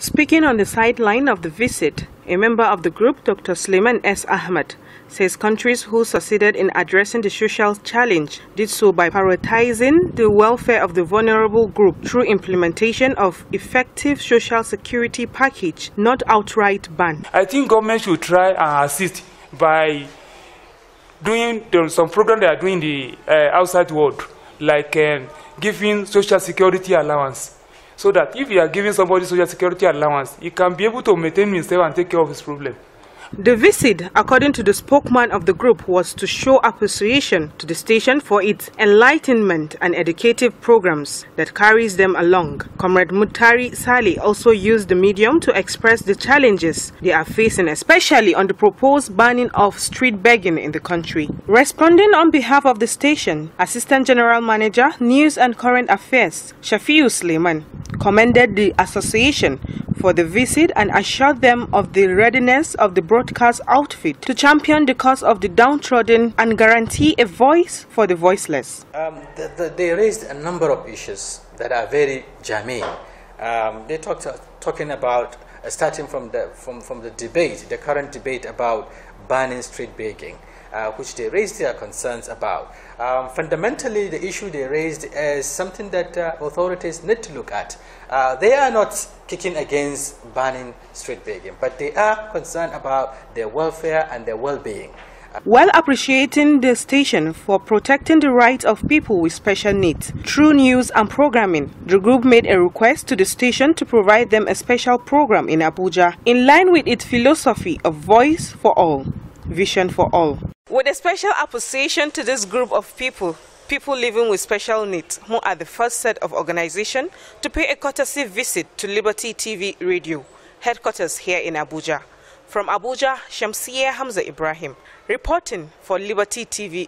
Speaking on the sideline of the visit, a member of the group, Dr. Suleiman S. Ahmed, says countries who succeeded in addressing the social challenge did so by prioritizing the welfare of the vulnerable group through implementation of effective social security package, not outright ban. I think government should try and assist by doing some program they are doing in the uh, outside world, like um, giving social security allowance so that if you are giving somebody social security allowance, he can be able to maintain himself and take care of his problem. The visit, according to the spokesman of the group, was to show appreciation to the station for its enlightenment and educative programs that carries them along. Comrade Mutari Sali also used the medium to express the challenges they are facing, especially on the proposed banning of street begging in the country. Responding on behalf of the station, Assistant General Manager, News and Current Affairs, Shafiu Suleiman commended the association for the visit and assured them of the readiness of the broadcast outfit to champion the cause of the downtrodden and guarantee a voice for the voiceless. Um, the, the, they raised a number of issues that are very germane. Um, they talked uh, talking about uh, starting from the from, from the debate, the current debate about banning street begging uh, which they raised their concerns about. Um, fundamentally, the issue they raised is something that uh, authorities need to look at. Uh, they are not kicking against banning street begging, but they are concerned about their welfare and their well-being. While appreciating the station for protecting the rights of people with special needs through news and programming, the group made a request to the station to provide them a special program in Abuja in line with its philosophy of voice for all, vision for all. With a special appreciation to this group of people, people living with special needs, who are the first set of organization to pay a courtesy visit to Liberty TV Radio, headquarters here in Abuja. From Abuja, Shamsiya Hamza Ibrahim, reporting for Liberty TV